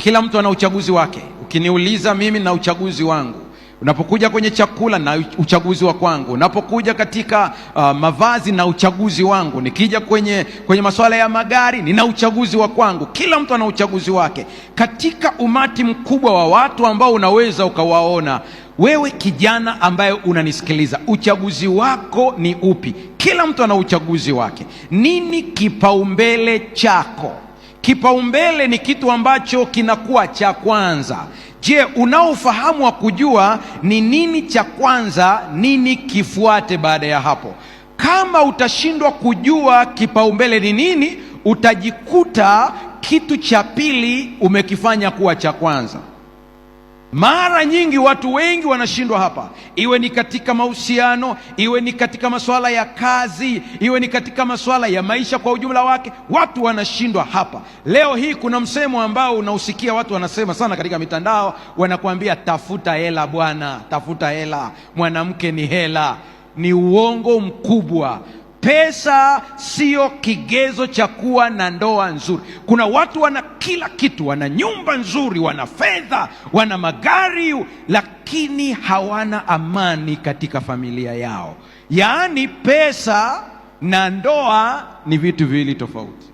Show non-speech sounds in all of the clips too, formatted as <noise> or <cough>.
Kila mtu ana uchaguzi wake. Ukiniuliza mimi na uchaguzi wangu, unapokuja kwenye chakula na uchaguzi wa kwangu, unapokuja katika uh, mavazi na uchaguzi wangu, nikija kwenye, kwenye masuala ya magari nina uchaguzi wa kwangu. Kila mtu ana uchaguzi wake. Katika umati mkubwa wa watu ambao unaweza ukawaona wewe, kijana ambaye unanisikiliza, uchaguzi wako ni upi? Kila mtu ana uchaguzi wake. Nini kipaumbele chako? Kipaumbele ni kitu ambacho kinakuwa cha kwanza. Je, unao ufahamu wa kujua ni nini cha kwanza, nini kifuate baada ya hapo? Kama utashindwa kujua kipaumbele ni nini, utajikuta kitu cha pili umekifanya kuwa cha kwanza. Mara nyingi watu wengi wanashindwa hapa, iwe ni katika mahusiano, iwe ni katika masuala ya kazi, iwe ni katika masuala ya maisha kwa ujumla wake, watu wanashindwa hapa. Leo hii kuna msemo ambao unausikia watu wanasema sana katika mitandao, wanakuambia tafuta hela bwana, tafuta hela, mwanamke ni hela. Ni uongo mkubwa. Pesa sio kigezo cha kuwa na ndoa nzuri. Kuna watu wana kila kitu, wana nyumba nzuri, wana fedha, wana magari, lakini hawana amani katika familia yao. Yaani pesa na ndoa ni vitu viwili tofauti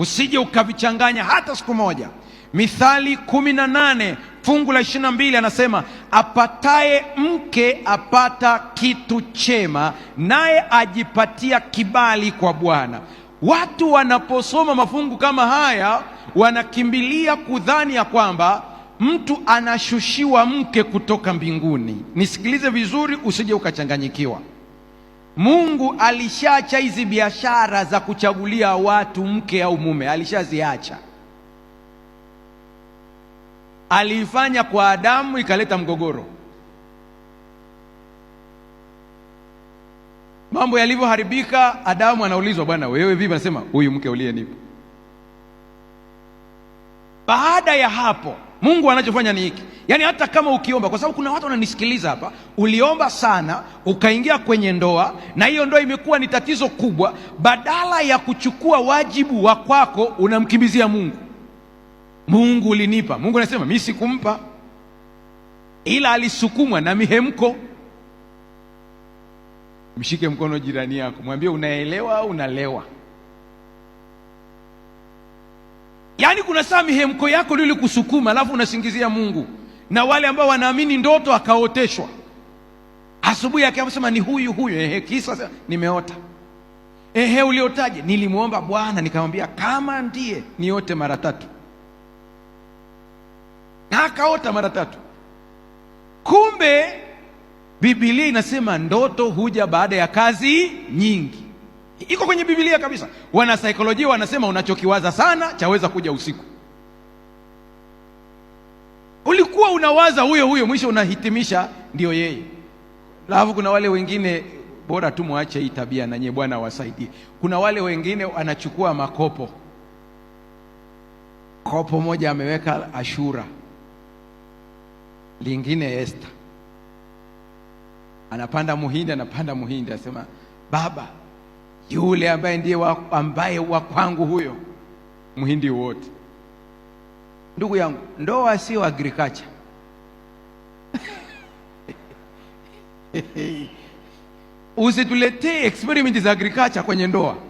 usije ukavichanganya hata siku moja. Mithali kumi na nane fungu la ishirini na mbili anasema apataye mke apata kitu chema, naye ajipatia kibali kwa Bwana. Watu wanaposoma mafungu kama haya wanakimbilia kudhani ya kwamba mtu anashushiwa mke kutoka mbinguni. Nisikilize vizuri, usije ukachanganyikiwa. Mungu alishaacha hizi biashara za kuchagulia watu mke au mume, alishaziacha. Aliifanya kwa Adamu ikaleta mgogoro. Mambo yalivyoharibika, Adamu anaulizwa, bwana wewe vipi? Anasema, huyu mke uliyenipa. Baada ya hapo Mungu anachofanya ni hiki, yaani hata kama ukiomba, kwa sababu kuna watu wananisikiliza hapa, uliomba sana ukaingia kwenye ndoa na hiyo ndoa imekuwa ni tatizo kubwa, badala ya kuchukua wajibu wa kwako unamkimbizia Mungu. Mungu ulinipa. Mungu anasema mimi sikumpa, ila alisukumwa na mihemko. Mshike mkono jirani yako, mwambie unaelewa au unalewa? Yaani kuna saa mihemko yako lili kusukuma, alafu unasingizia Mungu. Na wale ambao wanaamini ndoto akaoteshwa, asubuhi akasema ni huyu huyu. Ehe, kisa nimeota. Ehe, uliotaje? Nilimwomba Bwana nikamwambia kama ndiye niote mara tatu, na akaota mara tatu. Kumbe Biblia inasema ndoto huja baada ya kazi nyingi iko kwenye Biblia kabisa. Wanasaikolojia wanasema unachokiwaza sana chaweza kuja usiku. Ulikuwa unawaza huyo huyo, mwisho unahitimisha ndio yeye. Alafu kuna wale wengine bora tu mwache hii tabia, na Bwana awasaidie. Kuna wale wengine anachukua makopo, kopo moja ameweka Ashura, lingine Esta, anapanda muhindi, anapanda muhindi, anasema baba yule ambaye ndiye wa, ambaye wa kwangu huyo mhindi wote. Ndugu yangu, ndoa sio agriculture <laughs> usituletee experiment za agriculture kwenye ndoa.